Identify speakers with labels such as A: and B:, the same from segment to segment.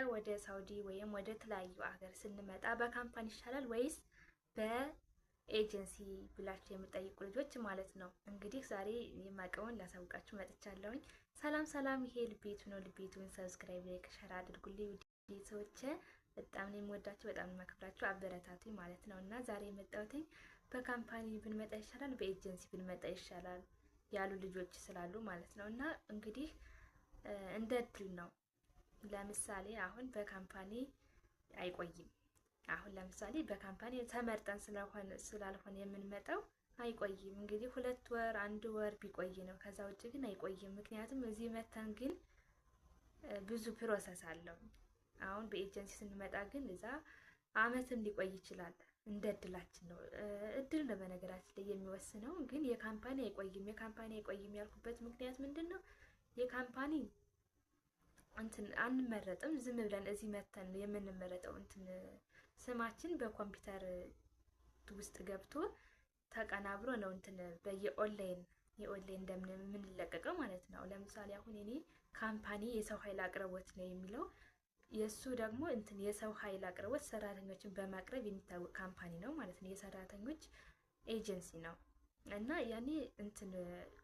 A: ኢትዮጵያ ወደ ሳውዲ ወይም ወደ ተለያዩ ሀገር ስንመጣ በካምፓኒ ይሻላል ወይስ በኤጀንሲ ብላችሁ የምጠይቁ ልጆች ማለት ነው። እንግዲህ ዛሬ የማቀውን ላሳውቃችሁ መጥቻለሁኝ። ሰላም ሰላም፣ ይሄ ልቤቱ ነው። ልቤቱን ሰብስክራይብ፣ ላይክ፣ ሸር አድርጉልኝ ቤተሰቦቼ። በጣም ነው የምወዳችሁ፣ በጣም ነው የማከብራችሁ። አበረታቱኝ ማለት ነው እና ዛሬ የመጣሁትኝ በካምፓኒ ብንመጣ ይሻላል በኤጀንሲ ብንመጣ ይሻላል ያሉ ልጆች ስላሉ ማለት ነው እና እንግዲህ እንደ እድል ነው ለምሳሌ አሁን በካምፓኒ አይቆይም። አሁን ለምሳሌ በካምፓኒ ተመርጠን ስላልሆነ የምንመጣው አይቆይም። እንግዲህ ሁለት ወር አንድ ወር ቢቆይ ነው። ከዛ ውጭ ግን አይቆይም። ምክንያቱም እዚህ መተን ግን ብዙ ፕሮሰስ አለው። አሁን በኤጀንሲ ስንመጣ ግን እዛ አመትም ሊቆይ ይችላል። እንደ እድላችን ነው። እድል ነው በነገራችን ላይ የሚወስነው። ግን የካምፓኒ አይቆይም። የካምፓኒ አይቆይም ያልኩበት ምክንያት ምንድን ነው? የካምፓኒ እንትን አንመረጥም። ዝም ብለን እዚህ መተን የምንመረጠው እንትን ስማችን በኮምፒውተር ውስጥ ገብቶ ተቀናብሮ ነው እንትን በየኦንላይን የኦንላይን እንደምን የምንለቀቀው ማለት ነው። ለምሳሌ አሁን እኔ ካምፓኒ የሰው ኃይል አቅርቦት ነው የሚለው የእሱ ደግሞ እንትን የሰው ኃይል አቅርቦት ሰራተኞችን በማቅረብ የሚታወቅ ካምፓኒ ነው ማለት ነው። የሰራተኞች ኤጀንሲ ነው። እና ያኔ እንትን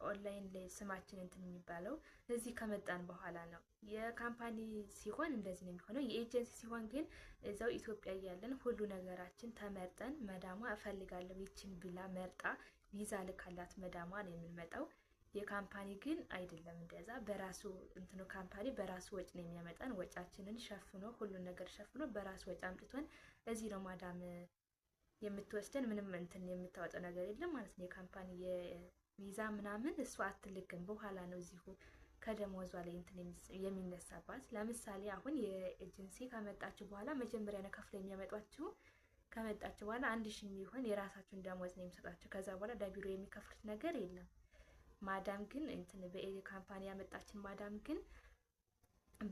A: ኦንላይን ላይ ስማችን እንትን የሚባለው እዚህ ከመጣን በኋላ ነው። የካምፓኒ ሲሆን እንደዚህ ነው የሚሆነው። የኤጀንሲ ሲሆን ግን እዛው ኢትዮጵያ እያለን ሁሉ ነገራችን ተመርጠን መዳሟ እፈልጋለሁ ይችን ብላ መርጣ ቪዛ ልካላት መዳሟ ነው የምንመጣው። የካምፓኒ ግን አይደለም እንደዛ። በራሱ እንትኑ ካምፓኒ በራሱ ወጭ ነው የሚያመጣን። ወጫችንን ሸፍኖ ሁሉን ነገር ሸፍኖ በራሱ ወጭ አምጥቶን እዚህ ነው ማዳም የምትወስደን ምንም እንትን የምታወጣው ነገር የለም ማለት ነው። የካምፓኒ የቪዛ ምናምን እሷ አትልክም። በኋላ ነው እዚሁ ከደሞዟ ላይ እንትን የሚነሳባት። ለምሳሌ አሁን የኤጀንሲ ካመጣችሁ በኋላ መጀመሪያ ነው ከፍለ የሚያመጧችሁ። ከመጣችሁ በኋላ አንድ ሺ የሚሆን የራሳችሁን ደሞዝ ነው የሚሰጣችሁ። ከዛ በኋላ ለቢሮ የሚከፍሉት ነገር የለም። ማዳም ግን እንትን በኤ ካምፓኒ ያመጣችን ማዳም ግን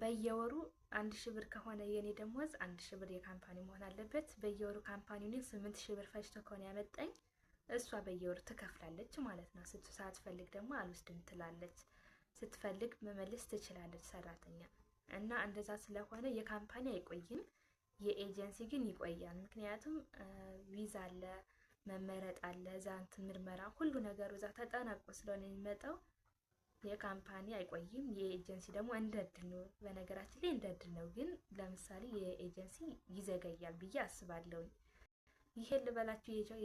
A: በየወሩ አንድ ሺህ ብር ከሆነ የኔ ደሞዝ አንድ ሺህ ብር የካምፓኒ መሆን አለበት። በየወሩ ካምፓኒውን ስምንት ሺህ ብር ፈጅቶ ከሆነ ያመጣኝ እሷ በየወሩ ትከፍላለች ማለት ነው። ሳትፈልግ ደግሞ አልወስድም ትላለች፣ ስትፈልግ መመለስ ትችላለች ሰራተኛ እና እንደዛ ስለሆነ የካምፓኒ አይቆይም፣ የኤጀንሲ ግን ይቆያል። ምክንያቱም ቪዛ አለ፣ መመረጥ አለ፣ እዛ እንትን ምርመራ ሁሉ ነገሩ እዛ ተጠናቆ ስለሆነ የሚመጣው የካምፓኒ አይቆይም። የኤጀንሲ ደግሞ እንደ እድል ነው። በነገራችን ላይ እንደ እድል ነው፣ ግን ለምሳሌ የኤጀንሲ ይዘገያል ብዬ አስባለሁኝ። ይሄን ልበላችሁ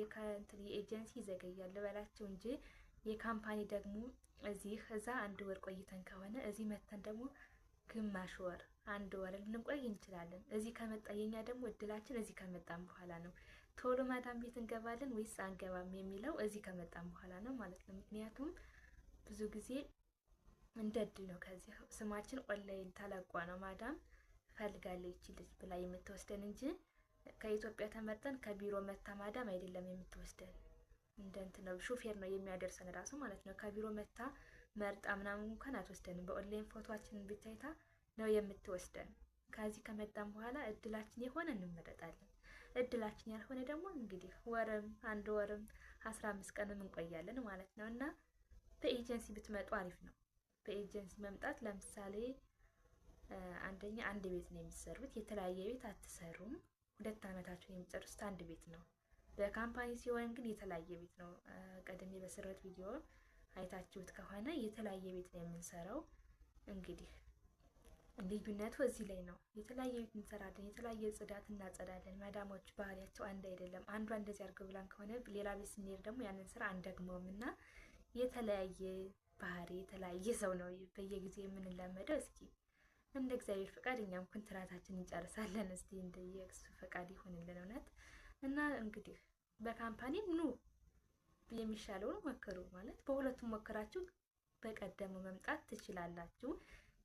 A: የኤጀንሲ ይዘገያል ልበላቸው እንጂ የካምፓኒ ደግሞ እዚህ እዛ አንድ ወር ቆይተን ከሆነ እዚህ መተን ደግሞ ግማሽ ወር አንድ ወር ልንቆይ እንችላለን። እዚህ ከመጣ የኛ ደግሞ እድላችን እዚህ ከመጣን በኋላ ነው። ቶሎ ማዳም ቤት እንገባለን ወይስ አንገባም የሚለው እዚህ ከመጣን በኋላ ነው ማለት ነው። ምክንያቱም ብዙ ጊዜ እንደ ነው። ከዚህ ስማችን ኦንላይን ተለቋ ነው ማዳም ፈልጋለች ልጅ ብላ የምትወስደን እንጂ ከኢትዮጵያ ተመርጠን ከቢሮ መታ ማዳም አይደለም የምትወስደን። እንደ ነው ሹፌር ነው የሚያደርሰን ራሱ ማለት ነው። ከቢሮ መታ መርጣ ምናምን እንኳን አትወስደንም። በኦንላይን ፎቶችንን ብታይታ ነው የምትወስደን። ከዚህ ከመጣም በኋላ እድላችን የሆነ እንመረጣለን። እድላችን ያልሆነ ደግሞ እንግዲህ ወርም አንድ ወርም አስራ አምስት ቀንም እንቆያለን ማለት ነው እና በኤጀንሲ ብትመጡ አሪፍ ነው። በኤጀንሲ መምጣት ለምሳሌ አንደኛ አንድ ቤት ነው የሚሰሩት፣ የተለያየ ቤት አትሰሩም። ሁለት ዓመታቸውን የሚጨርሱት አንድ ቤት ነው። በካምፓኒ ሲሆን ግን የተለያየ ቤት ነው። ቀደም በሰራሁት ቪዲዮ አይታችሁት ከሆነ የተለያየ ቤት ነው የምንሰራው። እንግዲህ ልዩነቱ እዚህ ላይ ነው። የተለያየ ቤት እንሰራለን፣ የተለያየ ጽዳት እናጸዳለን። መዳሞች ባህሪያቸው አንድ አይደለም። አንዷ እንደዚህ አድርገው ብላን ከሆነ ሌላ ቤት ስንሄድ ደግሞ ያንን ስራ አንደግመውም እና የተለያየ ባህሪ የተለያየ ሰው ነው በየጊዜው የምንላመደው። እስኪ እንደ እግዚአብሔር ፈቃድ እኛም ኮንትራታችን እንጨርሳለን። እስኪ እንደ የእሱ ፈቃድ ይሆንልን እውነት እና እንግዲህ በካምፓኒ ኑ የሚሻለውን ሞክሩ ማለት በሁለቱም ሞክራችሁ በቀደሙ መምጣት ትችላላችሁ።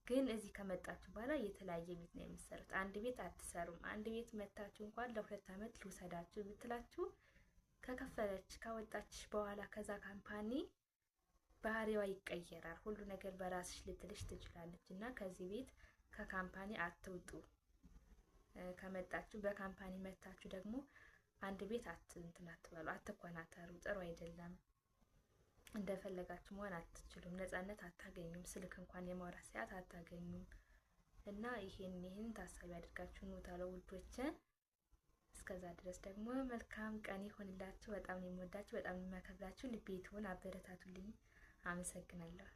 A: ግን እዚህ ከመጣችሁ በኋላ የተለያየ ቤት ነው የምትሰሩት። አንድ ቤት አትሰሩም። አንድ ቤት መታችሁ እንኳን ለሁለት ዓመት ልውሰዳችሁ ብትላችሁ ከከፈለች ካወጣች በኋላ ከዛ ካምፓኒ ባህሪዋ ይቀየራል። ሁሉ ነገር በራስሽ ልትልሽ ትችላለች እና ከዚህ ቤት ከካምፓኒ አትውጡ። ከመጣችሁ በካምፓኒ መታችሁ ደግሞ አንድ ቤት እንትን አትበሉ፣ አትኮናተሩ። ጥሩ አይደለም። እንደፈለጋችሁ መሆን አትችሉም። ነጻነት አታገኙም። ስልክ እንኳን የማውራት ሰዓት አታገኙም። እና ይሄን ይህን ታሳቢ አድርጋችሁ ኑ ታለው ውዶች። እስከዛ ድረስ ደግሞ መልካም ቀን ይሆንላችሁ። በጣም ነው የምወዳችሁ፣ በጣም ነው የማከብራችሁ። አበረታቱልኝ። አመሰግናለሁ።